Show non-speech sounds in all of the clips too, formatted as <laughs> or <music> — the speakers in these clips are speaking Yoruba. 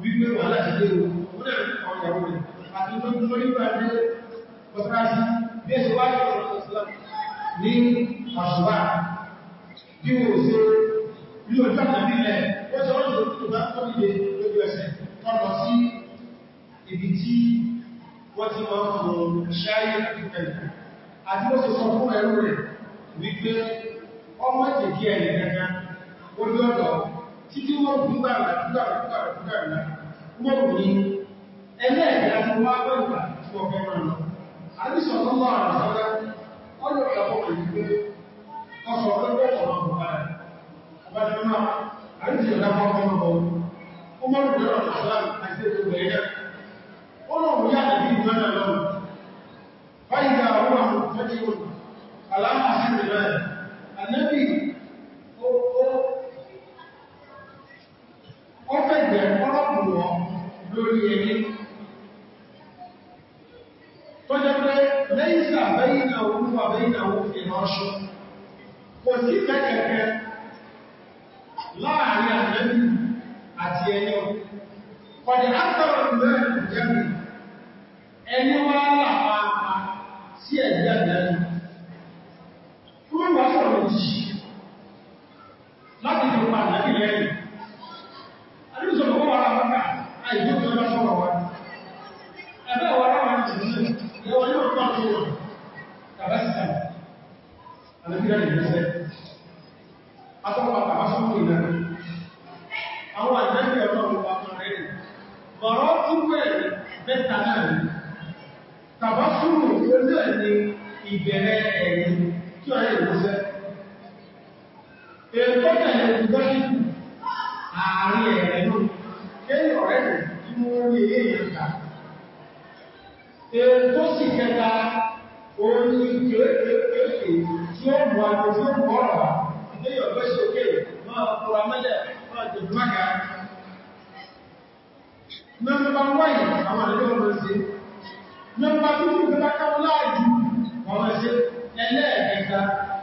wípé wà o ó náà ní àwọn ìyàwó rẹ̀ àti tó ń lórí bá dé pọ̀tàṣí bí ẹ̀ṣẹ̀ wá yọ̀ ọ̀rọ̀ islam ní àṣùwà bí wò ṣe bí o jọ́ àmì ilẹ̀ wọ́n sọ ọ́nà tó bá kọ́ nílé lójú ẹsẹ̀ tọ́lọ sí ibi tí wọ́n ti máa ń fọ ṣáyé àti pẹ̀lú àti wọ́n ti sọ fún ẹrú rẹ̀ wípé ọmọ ìtẹ̀kí ẹ̀yẹ̀ kankan ó lọ́dọ̀ títí wọ́n fún gbàrà gbàrà gbàrà gbàrà wọ́n mú ní ẹlẹ́ẹ̀dá tí wọ́n bá ó fẹ̀gbẹ̀ ọlọ́pù wọn lórí ẹni tó jẹ́ pé lẹ́yìnsà bẹ́yìnà olúwà bẹ́yìnà ìránṣọ́ kò sí kẹ́kẹ́kẹ́ láàrin àjẹ́bì àti ẹni ọ̀dẹ̀ nọ́mbà tó kí ìgbẹ́ta káwọn láàájú wọ́n ṣe ẹlẹ́ẹ̀kẹta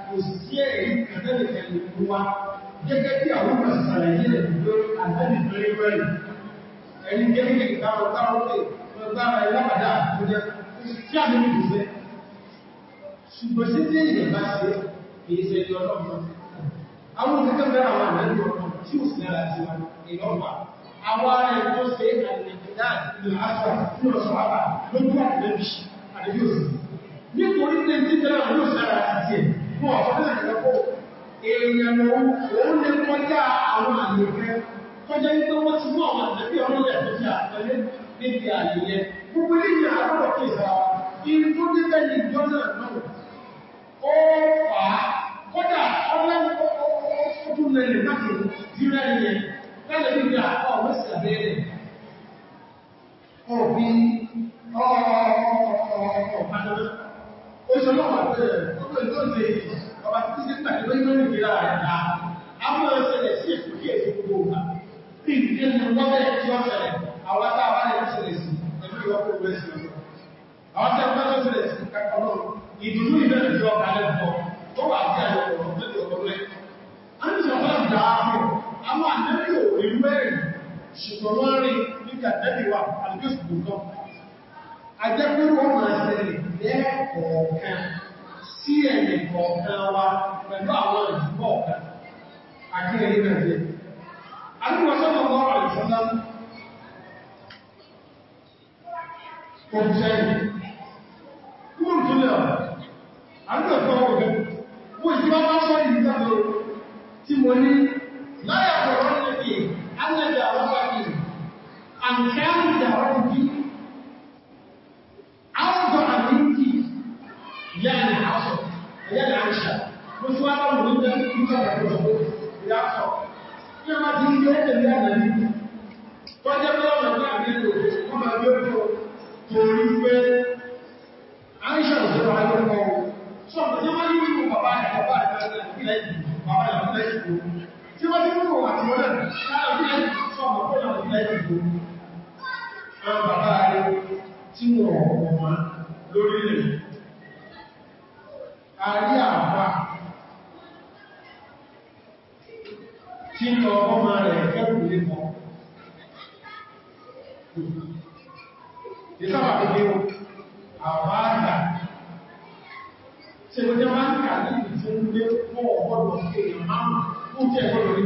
kò sí ẹ̀rí kẹtẹ́lẹ̀kẹ́ lókú wá gẹ́gẹ́ bí àwọn pàṣàlàyé ẹ̀dùgbé àtẹ́lẹ̀ pẹ̀lú ẹ̀rí ẹni gẹ́gẹ́ ìgbàrọ̀ táwọn lè gbàrà ìlàpàdà tó jẹ́ tí a lè rí fẹ́ ṣùgbọ́n sí tí èyẹ bá ṣe èyí ṣe ẹjọ́ ọlọ́pàá àwọn òkẹ́kẹ́ bẹ́rẹ̀ àwọn àmẹ́lú ọ̀pọ̀ tí ó sì lára ti wà ìlọ́pàá àwọn ará ẹ̀kọ́ ṣe àti nítorí pé tí tẹ́lá ló sára àti ẹ̀ fún ọ̀fọ́nà ìrẹ́pọ̀ èèyàn òun lè kọjá àwọn àyẹ̀kẹ́ kọjá ní pé wọ́n ti mú àwọn àjẹ́bí ọmọ rẹ̀ tó ti àpẹẹlẹ́ níbi àyẹ̀yẹ gbogbo ilé àárọ̀ kí ìsára inú tó débẹ̀ ní jọ́nà náà ó fà á kọjá ọlọ́pọ̀ ọdún lẹ́lẹ̀ láti ìrẹ́lẹ̀ òbí Ìdùnnú ìbẹ̀rẹ̀ ìjọ kalẹ̀ pọ̀ tó wà sí àyẹ̀kọ̀ lọ́pẹ́lẹ̀ ọ̀pọ̀lẹ́. A ní ṣọ̀fẹ́ ìdáàbò, àwọn àdẹ́bí ò rí mẹ́rin ṣùgbọ́n wọ́n rí ìjà tẹ́lẹ̀wà àlùjọ́sù gbogbo ajẹ́kúrò ọmọ ìṣẹ̀lẹ̀ lẹ́ẹ̀kọ̀ọ̀kan sí ẹ̀yẹ̀ kọ̀ọ̀kan wa pẹ̀lú àwọn ìjúbọ̀ ọ̀kan àkíyẹ̀rí mẹ́rin alúwọ̀sọ́nà ọmọ àìsànlá òṣèlú kúrò tó lẹ́ àdúgbẹ̀kọ́ ọgbẹ̀ mo ìsìnbá bá sọ́ ìgbàgbọ́ tí mo ní láyàtọ̀ and carry their own gift out of our duty yẹn na asọ ẹyẹ na ahyia mo tún ara mo nígbà nígbà pàtó ọgbó ìyá sọ ní ọmọ tí ń gbé ẹgbẹ́ ní àná ní tọ́jẹ́ pé ọmọ ní àná ní òkè wọ́n máa gbé fún torí pé ahyia ò sọ̀rọ̀ ayé ọkọ̀ wọn sọ pé tí wọ́n ní wíwú bàbá rẹ̀ bàbá rẹ̀ bàbá rẹ̀ lẹ́yìn bàbá rẹ̀ lẹ́yìn tí wọ́n ní wíwú àti wọ́n náà láàrín ẹ̀sìn sọ̀rọ̀ kó ẹ̀kọ́ ọmọ wọn lórílẹ̀ àrí àpá tí lọ ọmọ rẹ̀ ẹ̀kẹ́rù lè mọ́ ìsáwà gbogbo àwọn àgbà tí ó jẹ́ máa ń kà ní ìfún lé fún ọgbọ́dọ̀ sí èèyàn márùn-ún ó jẹ́ ẹgbọ́dọ̀ rí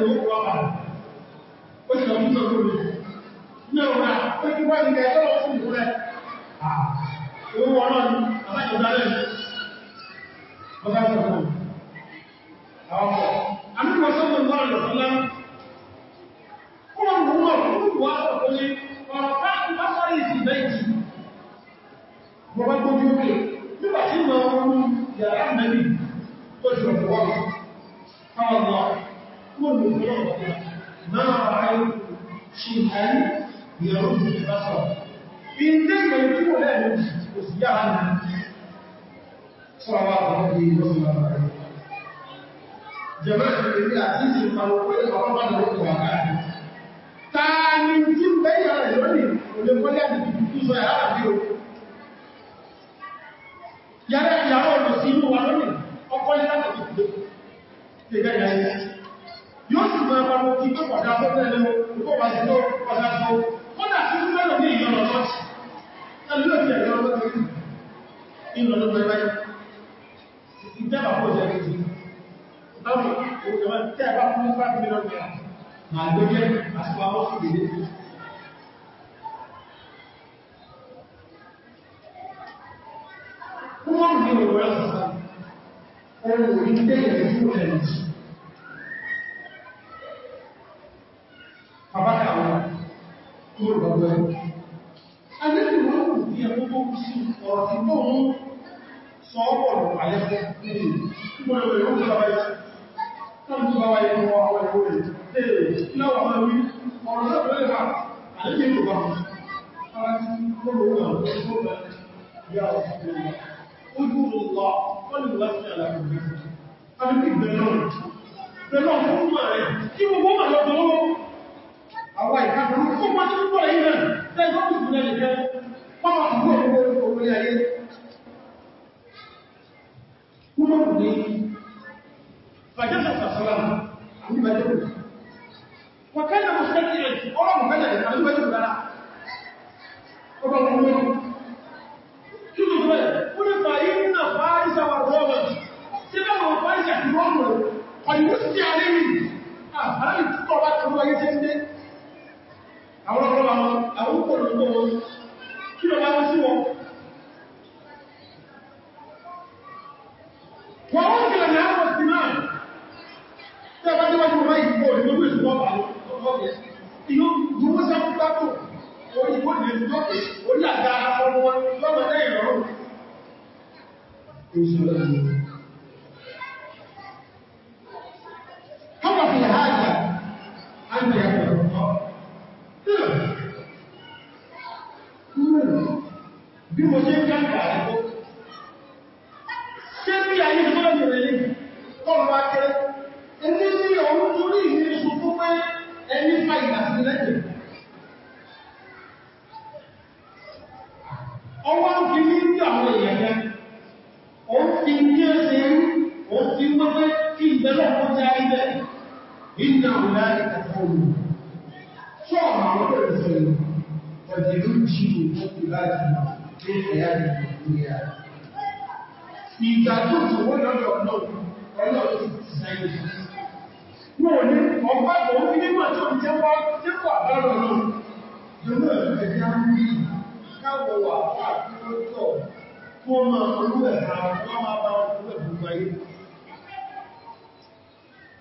ìlú ọ̀rọ̀ صلى الله عليه وسلم jama'a da ya ci ci faru ko ya ba ba da ruwa ka ta ni tin bai ya o ko ya de ga ya yo si ma ba mo ki ko da ko ne lo ko ba si lo ko da so ko da si ma lo ni yo lo so ta lo ti ya lo ba ni in lo lo bai bai ìjẹ́bà kó jẹ́ méjì láwọn òkèwọ́n tẹ́ẹ̀bá fún 5 million naira ma gbẹ́gbẹ́ àsìkò àwọn òṣìlè wọ́n ní ìwọ̀n ọ̀sán ohun orí tẹ́yẹ̀ fún ẹ̀lẹ́jì àbákà wọn tó rọ̀gbọ́ ẹgbẹ́ ìwọ̀n òkú sí ọ̀rọ̀ tí Àwọn ìkàkùn fún pàtàkì pọ̀ ìrìn, tẹ́gbọ́n kùn fún ẹnìkan, wọ́n máa ọmọ orí ayé كل مني فجلس سلام عن وكان مستجعا ورمه ìbẹ̀rẹ̀ ọjọ́ ibẹ̀ iná ọ̀lá ìtàkọ́lù tó ọ̀rọ̀ àwọn olùfẹ̀lú ọ̀dẹ̀lú jíò láti ẹ̀yà ìgbìyà ìgbà tó tó wọ́n lọ́dọ̀ Káwọ̀ wà fún àkíyàn tó, kó máa olú ẹ̀hà wọ́n máa bá olú ẹ̀bùn ayé.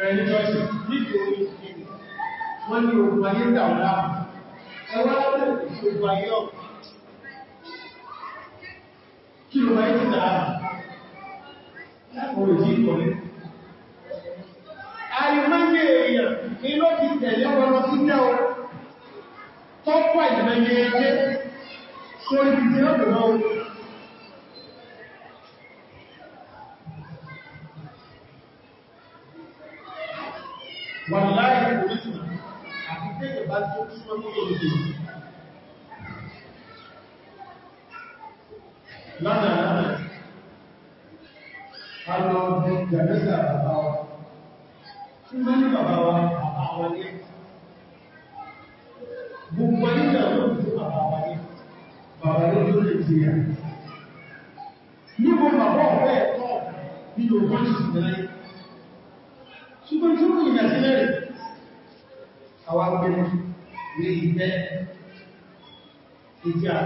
religiously nítorí wọ́n ní ogun ayé dàwọn láàmù ẹwà lọ́pọ̀ ogun ayé ọ̀pọ̀ kí ló máa ń títà láàmù òjì ìkọ̀lẹ̀ àìmọ́gbé èèyàn ní ló ti tẹ̀lé ọ̀rọ̀ sí jẹ́ ọ̀rọ̀ tọ́pọ̀ ìdìmọ̀ yẹ ẹgbẹ́ sórí ti ọ̀dọ̀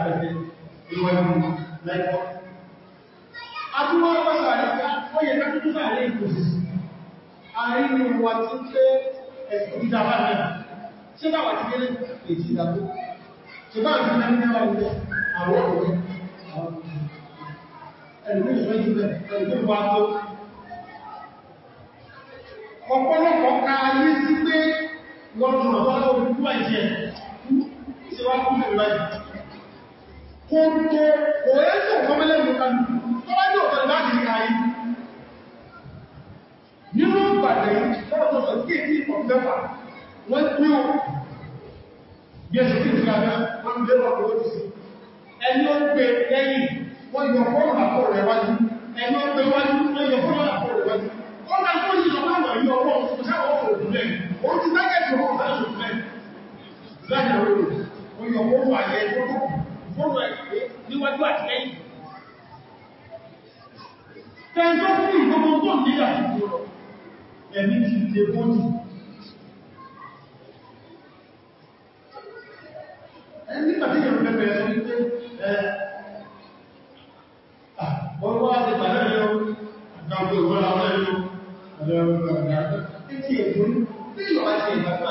àgbẹ̀fẹ́ ìwọ̀n lẹ́kọ́. Àtúwọ́ pàtàkì ọyẹ̀ kákútúfà rẹ̀ ìkòsì, àrínú wa ti pé ẹ̀sìn ìdàbà náà, ṣe bá wà ti gẹ́lẹ̀ èjì ìdàbò, ṣe bá àti mẹ́rin náà wọ́n àwọn ọ̀rẹ́ ẹ̀lú ìṣẹ́jú ẹ̀lú wa tó. Ọ̀pọ̀lọpọ̀ ka ayé sí pé wọ́n tún àwọn ọlọ́run kóńtó òẹ́sọ̀ ọmọlẹ́gbọ̀n kan tó bá yóò tọ́lá láti rí ayé nínú ìpàdé lọ́rọ̀tọ̀sọ̀ kí èyí ọ̀fẹ́fà wọ́n tí ó gẹ̀ẹ́sì kí ìgbàmẹ́ wọ́n ń bẹ́rọ̀ ọ̀pọ̀ òtìsí ẹni ó gbé lẹ́yìn wọ́n yọ fọ́rùn àpọ̀ rẹ̀ wájú ẹni ó gbé wájú wọ́n yọ fọ́rùn àpọ̀ rẹ̀ wájú ó na kó yìí lọ láwọn ẹ̀yọ ọ̀pọ̀ òṣìṣẹ́ ọ̀pọ̀ òdúnlẹ̀ ó ti tágẹ̀tì ọ̀pọ̀ òṣìṣẹ́ fóònù tẹ́jọ́ fún ìgbogbo tó nílà ìgbòrò ẹ̀mí ti dé bójú ẹni pàtí ìrìn pẹ̀pẹ̀ ẹ̀sọ́ wípé ọwọ́ àti pàdé ẹ̀yọ́ àgbàgbà ìwọ́n àwọn ẹ̀yọ́ àgbàgbà ìgbàgbà títí èkó ní ìwọ̀n àti ìgbàgbà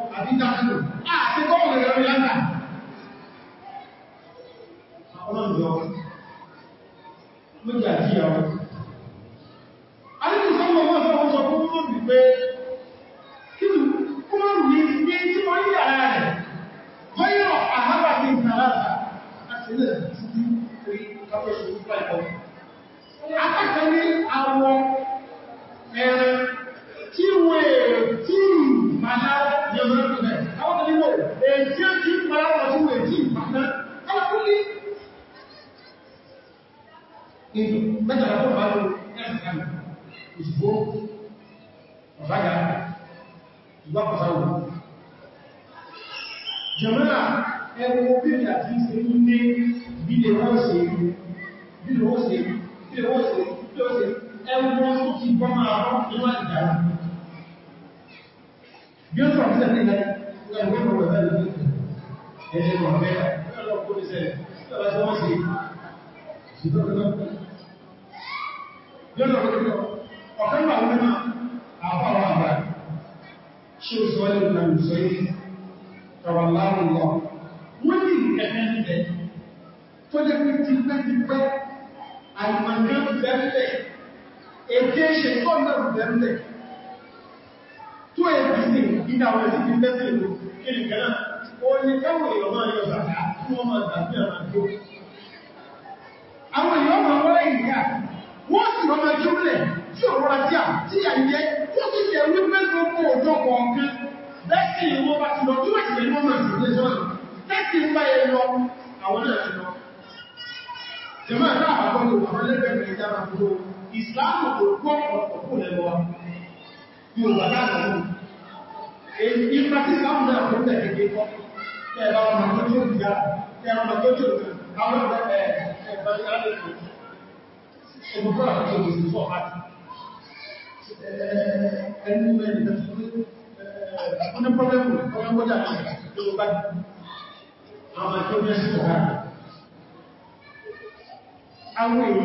àbí dákàlù àti kọ́wọ̀n rẹ̀ rí látà ọlọ́njọ́ ló jà jíyàwó ìdìbò ọ̀fága ìgbàpàsáwò jẹ́mọ́nà ẹgbẹ́ obìnrin àti ìsinmi ní bílé wọ́n ṣe rí bílé wọ́n ṣe rí bílé wọ́n ṣe rí bílé wọ́n ṣe rí ẹgbẹ́ tó ti gbọ́ máa rọ́ níwọ̀n ìdára bí ó sọ̀rọ̀ sílẹ̀ nílẹ̀ ẹgbẹ́ mọ̀rọ̀ ẹgbẹ́ lórí ẹgbẹ́ mọ̀rọ̀ ẹgbẹ́ lọ́pọ̀ ṣe tọ́ ìlàrù bẹ̀rẹ̀ tó ẹ̀bí sí ìdá àwọn ẹ̀sì ti bẹ́sẹ̀ ìlú kìrì kan náà ó ní káwọn èèyàn máa yọ bàtà tí wọ́n máa tàbí àwọn àjò àwọn èèyàn máa wọ́lẹ̀ ìyá wọ́n sì máa máa jùlẹ̀ tí ò rọra díà tí à ń jẹ́ tó ti jẹ́ wí pé gbogbo ọjọ́ kọ̀ọ̀kan bẹ́sẹ̀ ìwọ́n bá ti lọ tó ẹ̀sẹ̀ ìwọ́n máa sì lè sọ́nà tẹ́sì ń bá ẹ lọ àwọn náà ti lọ jẹ́mọ́ àtàwọn àkọ́lù àwọn ẹlẹ́gbẹ̀rẹ̀ ìjára fún ìsìláàmù tó kọ́ ọ̀pọ̀ lẹ́lọ Yorùbá dáadáa ní ipa tí ìsìláàmù náà fún tẹ̀ kéèké kọ́ tẹ́ẹ̀bá ọmọ tó tí ó ń yá tẹ́ẹ̀bá ọmọ tó tí ó ń yá àwọn ẹgbẹ̀ẹ́ ẹgbẹ̀ẹ́ ẹgbẹ̀ẹ́ ẹgbẹ̀ẹ́ ẹgbẹ̀ẹ́ ẹgbẹ̀ẹ́ ẹgbẹ̀ẹ́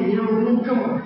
ẹgbẹ̀ẹ́ ẹgbẹ̀ẹ́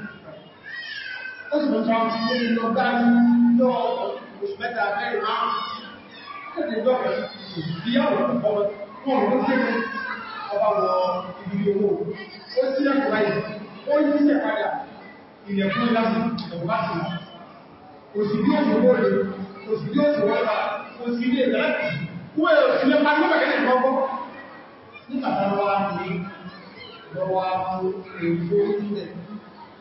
ó sì mọ́ta lórí lọ bá ní lọ oṣù mẹ́ta mẹ́rin márùn-ún tẹ́lẹ̀ ìjọ́kẹ̀ ìyàwó ọmọ ọmọ tí ó ọba wọ ibi owó ó sí ẹ̀kọ́ láyé ó yí sí ẹ̀padà ilẹ̀kùn láti ẹ̀wọ̀bá sí òsì bí ó ṣòwò rẹ̀ òsì bí ó ṣòwò rẹ̀ òsì bí ẹ̀rẹ́ wọ́n ẹ̀ sí lẹ́pa ní ọ̀gẹ́gẹ́ ìgbọ́gbọ́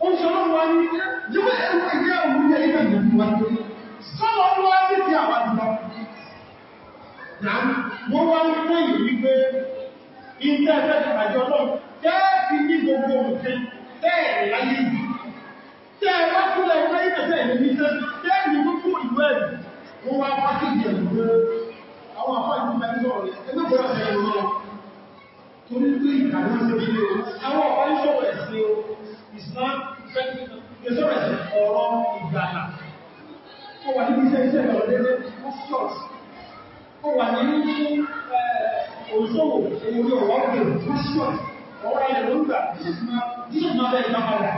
ó ṣe ọlọ́run wá ní yíwé ẹgbẹ́ ìgbẹ́ òun ní ẹgbẹ́ ìgbẹ̀mù wá ní sọ́lọ́ wá ní ti àwọn àjọ náà wọ́n wá ní lẹ́yìn wípé ilé ẹgbẹ́ àjọ náà jẹ́ fi ní gbogbo òfin tẹ́ẹ̀ láyé ìlú tẹ́ẹ̀ wá kúlẹ̀ ẹgbẹ́ ìgbẹ̀sẹ̀ ìlú ní tẹ́ẹ̀ ní gbogbo ìlú ẹ̀rù ẹgbẹ́ bọ́ọ̀rẹ̀ ẹ̀rọ Islam ìgbésọ̀rẹ̀ ọ̀rọ̀ ìgbàlà. Ó wà níbi iṣẹ́ iṣẹ́ ìgbàlódé Mọ́síọ̀sì. Ó wà ní òṣòwò orí ọ̀wọ́ pè Mọ́síọ̀sì. Ọwọ́ ilẹ̀ ló ń gbà jíṣẹ́ máa bẹ́ẹ̀ bá padà.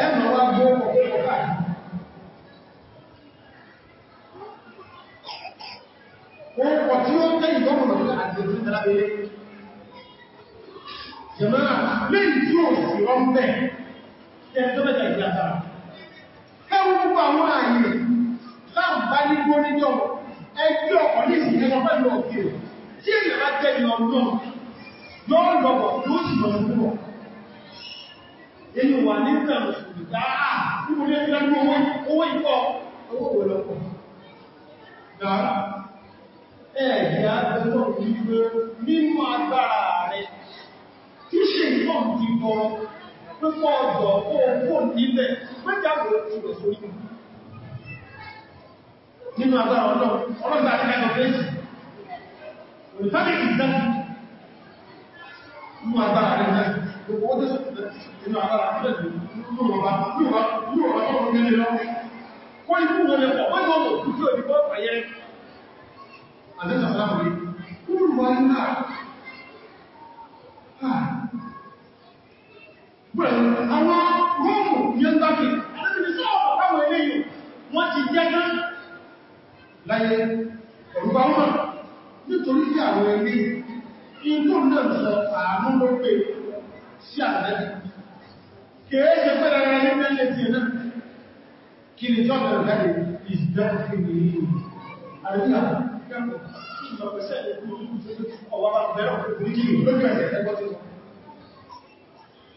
Ẹ mọ̀ wá gbọ́ ọ̀pọ̀ ọ̀pá. Wọ́n pọ̀ tí ó ń tẹ́ ìgbọ́mọ̀lọ́pọ̀ àti ìdílábẹ̀lẹ́ jẹmọ́ra lẹ́yìn tí ó sì rọ́ mẹ́ tẹ́lẹ̀tọ́lẹ̀ta ìgbàtàrà ẹwọ́n gbogbo àwọn ààyè láàbá ní gbóníjọ ẹgbẹ́ ọ̀pọ̀ ní ìsìnkẹ́sọ pẹ̀lú ọ̀gbẹ̀ tí èyàn bá jẹ́ ìlọ ọdún yóò lọ́pọ̀ tó sì lọ púpọ̀ èyí wà ní ìtàn ìgbà èyàn ti bọ́ púpọ̀ ọ̀dọ̀ oòrùn nílẹ̀ mẹ́jáwò ìrọ̀ sórí nínú agbára ọlọ́run ọlọ́run bá ẹgbẹ́ ọ̀fẹ́sì olùfẹ́lẹ̀ ìdájú nínú agbára rẹ̀ náà gbogbo ó tẹ́sọ̀ nínú agbára rẹ̀ nínú nínú ọba pẹ̀lú àwọn góòmù ní ọgbàkì alẹ́bìnrin sọ́ọ̀ àwọn eléyìn wọ́n ti jẹ́gán láyé ọ̀rùgbà ọmọ nítorí tí àwọn ẹgbẹ́ ìgbò náà sọ àánú ló pé sí àdájú kèése pẹ́lẹ̀ rẹ̀ ní mẹ́lẹ̀ tí ẹ̀nà kí ni tọ́jọ̀ ìdáde ìsìdáfẹ́ ní ìlú àríyà kẹ́kọ̀ọ́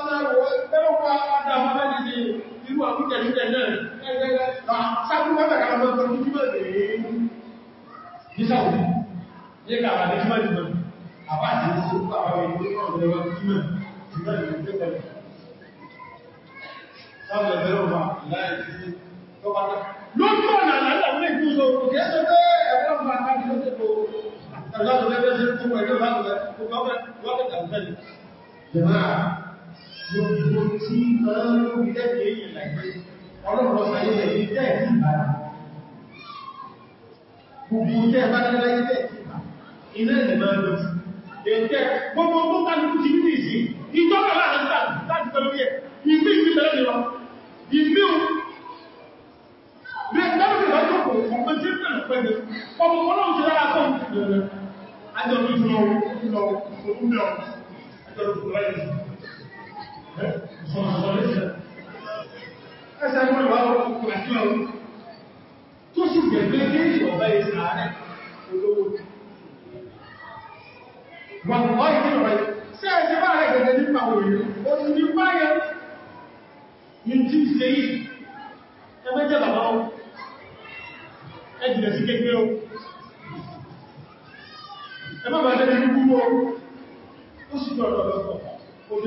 Sáwọn ẹgbẹ̀rẹ̀ ọmọ láì sí tó bá dá. Lójú ọ̀nà àlàlà ní ìgbúso, kìí ṣe pé ẹgbẹ̀rẹ̀ ọmọ àkáàkì ló tẹ́ tó ẹgbẹ̀rẹ̀ ọmọ àkáàkì ló tẹ́ tó ẹgbẹ̀rẹ̀ ọmọ àkáàkì ló tẹ́ tó gbogbo tí máa ń lórí lẹ́gbẹ̀ẹ́ èèyàn láìpẹ́ ọlọ́pọ̀ sàyẹ̀ rẹ̀ ní tẹ́ẹ̀ ní ìbára gbogbo tẹ́ bá dára ilẹ̀ iná ìlẹ̀ máa lọ sí ẹ̀tẹ́ gbogbo tó kálùkù ti ní ìsí ìjọba láàrín láti pẹ̀lú ẹ̀ ìfẹ́ ìfẹ́ tẹ́lẹ̀ lè lọ ìfẹ́ o bẹ́ẹ̀ Ẹsẹ̀ ìwọ̀n ìwà ọkùnkùn àti ọrùn tó sì gbẹ̀gbẹ̀ kéèkì ọ̀bá ìsìn ààrẹ olówó. Wọ́n wọ́n ìdí ọ̀rẹ́ sí ẹ̀sẹ̀ bá rẹ̀ gẹ̀gẹ̀ nípa òyìn, ó ti ní báyẹ ní tí ṣe yìí, ẹgbẹ́jẹ́ bàbá ó, ẹjìnlẹ̀ sí kékeré ó. Ẹ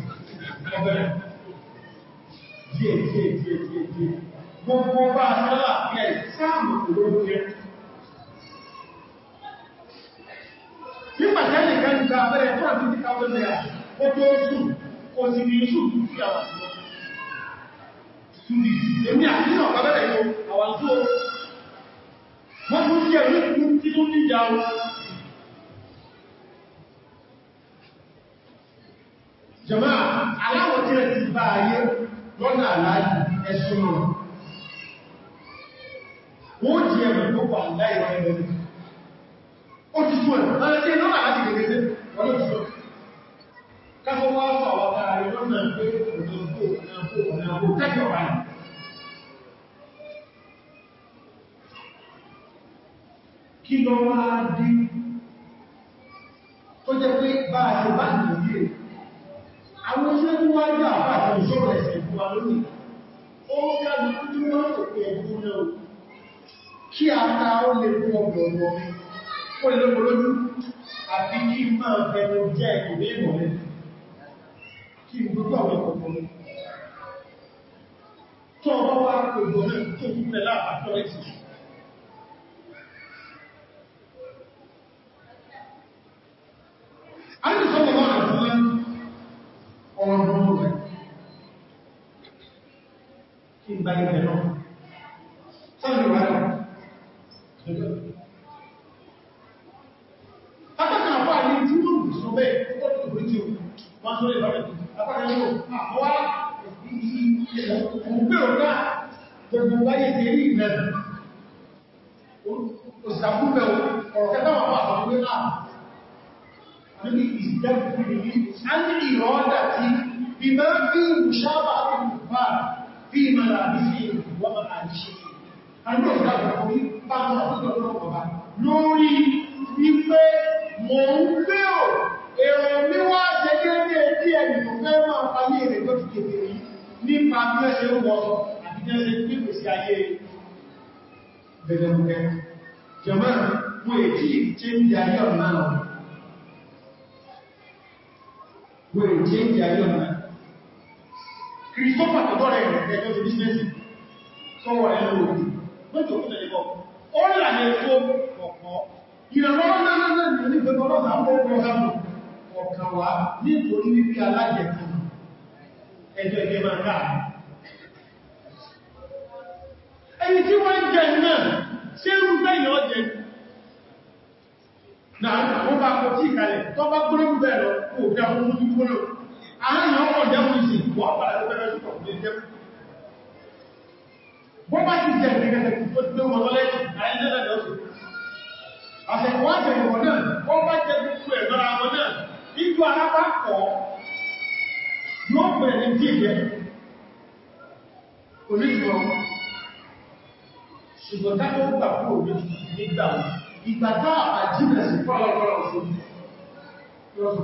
ẹgbẹ̀rẹ̀ díẹ̀ díẹ̀ díẹ̀ díẹ̀ díẹ̀ gbogbo bá sọ́lá ẹ̀ sáàmù olóògbé nígbàtí ẹni kan gba abẹ́rẹ́ tó àti ti káwọ́ lẹ́yà ó tó sù kò sì ní sù sí àwọn àṣìwọ́ èmi àtínà abẹ́rẹ́ yóò àwọn tó wọ́n tó jẹ́ orí kú tí tó níjà wọn jẹmọ́ aláwọ̀ tí ẹ ti bá ayé lọ́nà aláyé ẹ̀ṣùn náà wọ́n jí ẹ̀mọ̀ tó wà láì wọ́n ẹ̀mọ̀ ó ti tún ẹ̀mọ̀ láti ṣe lọ́nà láti gẹ̀gẹ̀gẹ̀ wọ́n ló tún káfọ́ wá fà wá káàrí lọ́nà pé ọ̀nà ọ̀pọ̀ ọ̀nà ọ̀pọ̀ ọ̀nà ọ̀pọ̀ tẹ́jọ̀ wà ní kí lọ wá dí tó jẹ́ pé bá bá nìí àwọn ṣe ń wá ìgbà àpàtà ìṣòro ẹ̀sẹ̀ ìgbà lónìí ó kàbí kúrú wọ́n tó pẹ̀ ẹ̀kú kí a ta ó lè fún ọgbọ̀n ọmọ mi ó lè lọ́pọ̀ lójú àbí kí máa bẹnu jẹ́ ẹ̀kù ní ìmọ̀ rẹ̀ kí gbogbo àwọn ọkọ̀ mi tó ọba wá pẹ̀lú náà tó fún mẹ́lá gba ibẹ̀ náà sọ́nà wà náà apákan àpá ní tí ó rù sọ bẹ́ẹ̀ ó tó rí tí ó wọ́n tó lè lọ́rẹ̀ apákan ní ó àwọ́ òpé ọ̀gá gbogbo láyé tí èrí ìrẹ̀ òsìdàkúnbẹ̀ ọ̀rọ̀kẹta wà wà àwọn ìgbẹ́ bí mara àbísí wọ́n mara àbíṣẹ́ àdúrà ìdájọ́ orí pàtàkì àdúrà lọ́wọ́ bá lórí wípé mò ń bèèrò èrò níwá jẹgẹ́gẹ́ tí ẹni tó fẹ́ máa parí èrè tó ti kèfè rí nípa mẹ́sẹ̀ wọ àbíjẹ́sẹ̀ pípẹ̀ sí ayé bẹ̀rẹ̀ jẹmọ́ mú èjì change ayé ọ̀nà wọ́n èjì change ayé ọ̀nà Christopher tọ́bọ̀rẹ̀ rẹ̀ ẹjọ́ ti bísínẹ́sì sọ́wọ́ ẹ̀lú òjò mẹ́jọ fún ẹ̀lẹ́kọ́ ó rí àyẹ̀ tó ọ̀pọ̀ ìrànlọ́wọ́ lẹ́lẹ́lẹ́ ní ìgbẹ̀gbọ́lọ́nà àwọn ọgbọ̀gbọ̀ ọ̀kàwà nítorí wípé alájẹ̀ kan ẹjọ́ ẹgbẹ́ máa káà ẹni tí wọ́n jẹ náà ṣe rú bẹ́yìn ọjẹ́ náà wọ́n bá kọ̀ tí ìkàlẹ̀ tọ́ bá gbọ́nà bẹ̀rẹ̀ kò gbẹ́ ọmọ ojú gbọ́nà àárín ọmọ jẹ́mùsì wọ́n padà ló bẹ̀rẹ̀ ṣùgbọ́n ní jẹ́mùsì wọ́n bá ti jẹ́ ìrẹ́gẹ́gẹ́ tó ti lé wọn lọ́lẹ́ àìlẹ́lẹ́lẹ́ ọ̀sẹ̀ àṣẹ̀kọ́ àjẹ̀rẹ̀ wọn náà wọ́n bá jẹ́ gbogbo ẹ̀ lọ́ra wọn náà ìjú arábá kọ̀ yóò bẹ̀rẹ̀ ní ìjẹ́ onígbọ̀n ṣùgbọ́n táwọn gbà kúrò nígbà ìgbà táà àjínà sí fọ́lọ́pọ́lọ́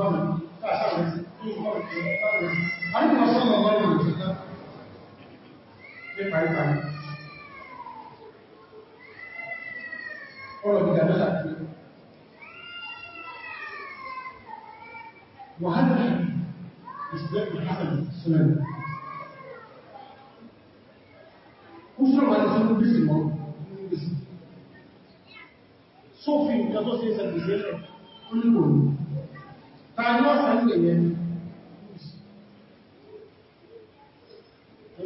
وهذا إسباب الحسن السنان Kúṣùrù máa ti sínú bíṣì mọ́ nínú bíṣì. Sófin nǹkan tó ṣe ẹsẹ̀ bíṣì ẹ̀ṣẹ̀, ó ní wò ní. Ta ní ọ̀sán ilẹ̀ yẹn,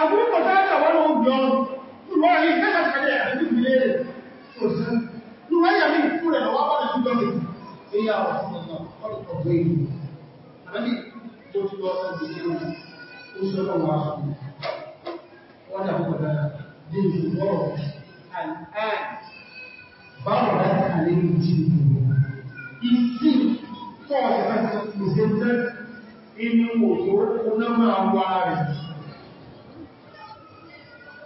àbúrúkọ̀ sáàtà wọ́n ló gbọ́ lùwọ́ ayé kẹ́kà kàdé àti ìlé rẹ̀ òsìn lùwọ́ ayé àmì ìkú rẹ̀ lọ́wọ́ wọ́n lè gbọ́lẹ̀ èyà ọ̀sán ọ̀pọ̀ gbé ìlú àmì tó ti lọ sí ìlú ó sọ́rọ̀ wà wọ́n dà púpọ̀ dára dé ìwọ̀rọ̀ báwọn láti kàlé ní jí ìsìn fọ́ọ̀sẹ̀ láti pèsè tẹ́ inú máa wà rẹ̀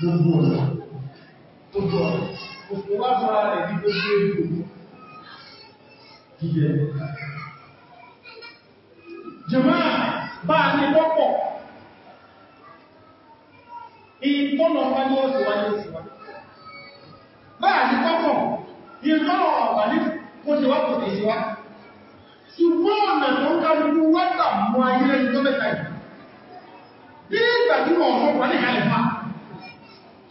gbogbo ọ̀nà tó tọ́ òkú wá fara rẹ̀ bí tó ṣe rí òun jíjẹ jẹmọ́ bá ní pọ́pọ̀ ìtọ́nà ọba ní ọ̀sẹ̀ wáyé ọ̀sẹ̀ wá bá ní pọ́pọ̀ ìtọ́nà ọba ní kó ṣe wá kò tẹ̀ sí wá ṣùgbọ́n ọ̀nà tó ń kálukú wá tà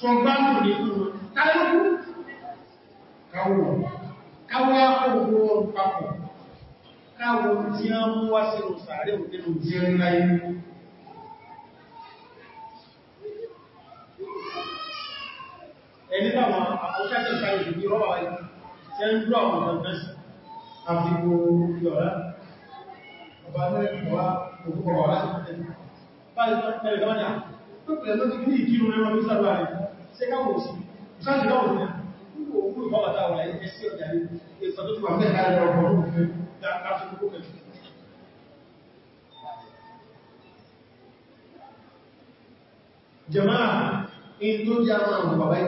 sọgbàmù ní kúrò kálùkù káwọ̀ káwọ̀ àkọ́gbọ́ papọ̀ káwọ̀ tí a mú wá sí òsàárẹ̀ òdínú jẹ́ láyé ẹni bàwọn àkọ́ṣẹ́kẹ́ sáyé ìbí rọ́wà tẹ́ ń lọ àwọn ọ̀dọ́sì àfikò yọ̀rá ọba mẹ́rẹ̀kọ̀wá òkúkọ̀wà láti tẹ́lẹ̀ báyìí tọ́lẹ̀ lọ́nà tó pẹ̀lẹ̀ lọ́dí ní ìkírùn ẹwà ní sábà rẹ̀ ṣe káwọ̀ òsì ìṣọ́jì náà òmìnà púpọ̀ òkú ìbábàtà wà ní ẹsí ọjà ní ìsọ̀tọ́jú wà mẹ́ta ẹ̀rọ ọ̀rọ̀ òfin dáadáa tó kó kẹjù jẹmáà in tó jẹ́ àwọn àwọn bàbá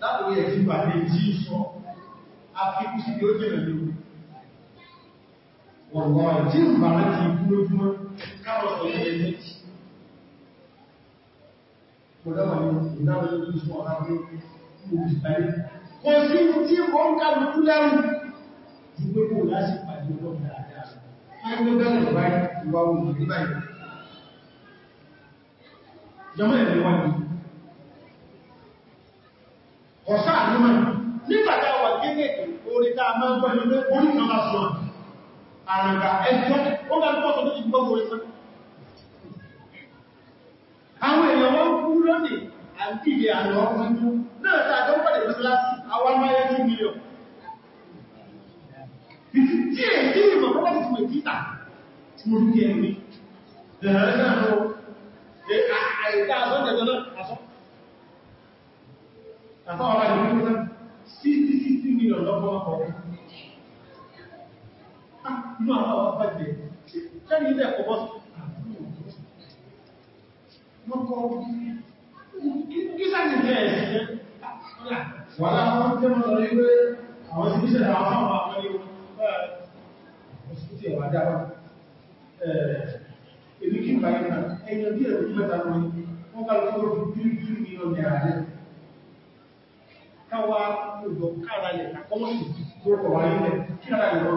látòrí ẹ̀jí bà lè jí sọ àfikú sí bí ó jẹ́ mẹ́lú wọ̀nà jí bà láti ikú káwọ̀ sọ ilẹ̀ méjì kò lọ́wọ́ ní ìdáwọ́ ní ìṣọ́ ọ̀rá pé òbí parí kò sí tí ó ń ká lókú lẹ́rù ju pé kò láti pàdé ọlọ́pàá dáadáa láìpẹ́ bẹ́ẹ̀ báyìí ìwà òun ní báyìí jọmọ́ ẹ̀rẹ́ wọ́n ni ọ̀sá àdúmọ̀ nígbàtà wà kéèkéèkì orí tá a máa ń gbọ́ ẹ̀mọ́ orí kan bá sọ àrùn àwọn èèyàn wọ́n kú lónìí àdìdì àlọ́ ọmọdú náà tààdọ́ pàdé mọ́sílásí àwọn máyájú mílíọ̀ tí è tí ìmọ̀ pọ́pọ̀ ti wè títà tí mo dúkẹ́ ẹ̀mí dẹ̀rẹ̀ náà lọ àìdá àsọ́jẹ̀dẹ̀ náà àsọ́ àfọ́ ọ̀rọ̀ ìlú náà 60 mílíọ̀n lọ́pọ̀ ọkọ̀ inú àwọn ọ̀pọ̀ Èmi kí ìgbà ìgbà ẹgbẹ̀ bí ẹ̀rọ mẹ́ta lọ ní wọ́n ká lọ́pọ̀ lọ́pọ̀ bíríbírí ní ọjọ́ ààrẹ. Káwà lọ́pọ̀ kára lẹ̀ àkọ́mọ́sì tó kọ̀wàá ilẹ̀ kí ara ìrọ̀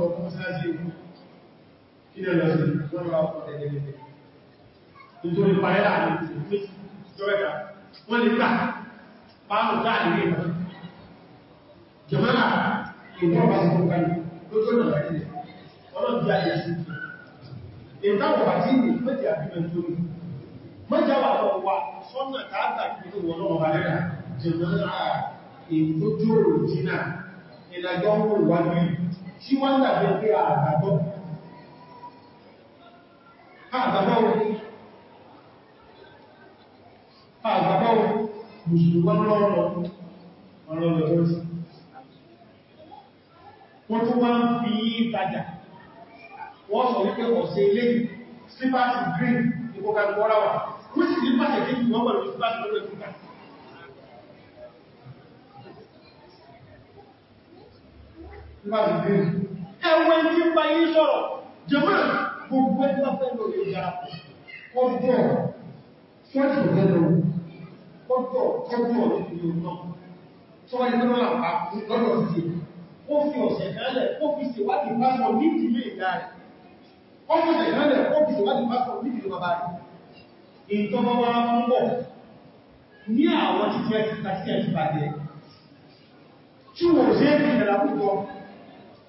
lọ fún sáájú ikú kí lè lọ sí wọ́n lọ fún ẹgbẹ̀rẹ̀ nítorí pàẹ́lá ní ìpínlẹ̀ jọ́ẹ̀dá wọ́n lè gbà pàánù dáàrí rẹ̀ jẹ́mọ́nà ìgbọ́nà ìgbọ́nà lójọ́nà rẹ̀ ọlọ́dí ayé sí ìtàwọ̀ àti ìpínlẹ̀ àbímẹ̀ tó rí mọ́jáwà lọ́wọ́ sọ́nà tààtàkì tó wọ́n lọ́wọ́ rẹ̀ jẹ́mọ́nà ìgbójú òjìnà ìlàjọ́ wọ́n wà lórí tí wọ́n dàbí pé àgbàgbọ́. Àgbàgbọ́ àgbàgbọ́ Mùsùlùmí lọ́rọ̀ ọ̀rọ̀ lọ́rọ̀ sí. Wọ́n tó máa ń fi yí ìtajà, wọ́n sọ wípé ọ̀sẹ̀ ilé slippers green ìkọkàlùkọ́ra wà, wọ́n sì ní pàtàkì ìwọ̀n pẹ̀lú slippers lọ́rọ̀ ìkọkàlù. ẹwẹ́ tí ń bá yí sọ̀rọ̀ jẹ́mọ́ gbogbo ẹgbẹ́ fẹ́ lórí ìyá ọjọ́ ṣọ́jọ́ lẹ́lọ ọjọ́ ọjọ́ ìyọ̀nà tó wáyé tó lọ́la pa lọ́dọ̀ sí ó fi ọ̀sẹ̀ kálẹ̀ ó fi ṣèwádìí pásọ̀ ní ìdílé ìdá rẹ̀ ọmọdé kálẹ̀ ó fi ṣèwádìí pásọ̀ ní ìdílé bàbá rẹ̀ ìtọ́mọ́wá ń bọ̀ ní àwọn títí ẹ̀ tí wọ́n ṣe é ìdàlàkùtọ̀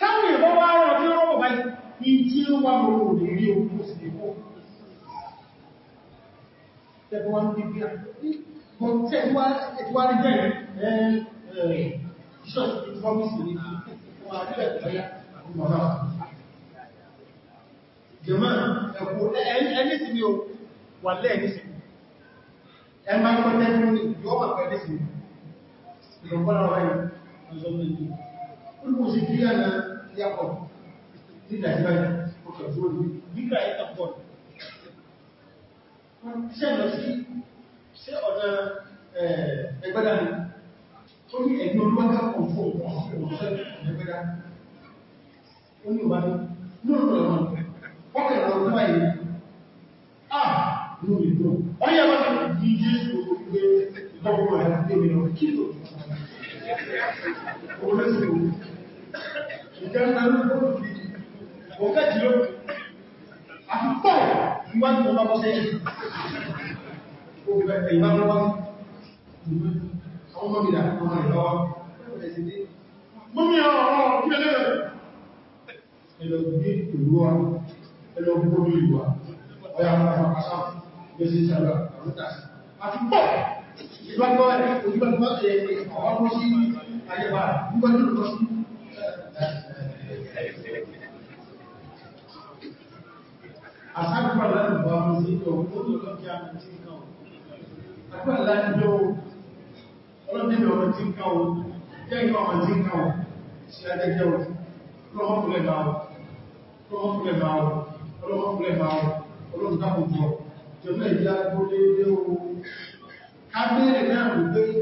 táwọn èèyàn wá rọ̀ tí rọ̀ báyìí ní tí ó wà mọ̀ òní rí ogun sí ìwọ̀ ẹgbẹ́ wọn ní bíà wọ́n tẹ́ ìwà rí bẹ̀rẹ̀ Ẹgbẹ́ ọmọdé ní yọ́ wà pẹ̀lú sí ìrọ̀pọ̀lọ́wọ́ ẹ̀yìn, ọjọ́ méjì. Olúkùn sí kí á náà ya kwanu nínú àjíwá yìí ó kẹ̀ tó rí nígbà ẹ̀ta pọ̀ ṣe lọ sí ṣe ọ̀nà ẹgbẹ́dá ni tó ní ẹ̀mí olúwágá kò fún òṣèlú ẹgbẹ́dá ó ní ìwà ní lóòrùn ọ̀rọ̀ ọkẹ̀ ìrọ̀ ọdún wáyé ah lórí ìdó ọyẹ́ wọ́n ti yí jésù gbogbo ẹgbẹ́ <laughs> ìgbọ́gbọ́ ìjẹ́ mẹ́rin fún ìdíjì òkè sí ẹ̀ṣù ìwọ́n tó bá àsáàgbà láti bá mú sí ọ̀pọ̀ olóòlọ́pẹ́ àwọn tí ń ká o àgbà láti jọ olóòlọ́pẹ́ ọmọ tí ń ká o jẹ́ ìgbà ọmọ tí ń ká o sí ajẹ́jẹ́ o lọ́wọ́pùlẹ̀ bá o lọ́wọ́pùlẹ̀ bá o lọ́wọ́pùlẹ̀ bá o olóòlọ́pùlẹ̀ bá o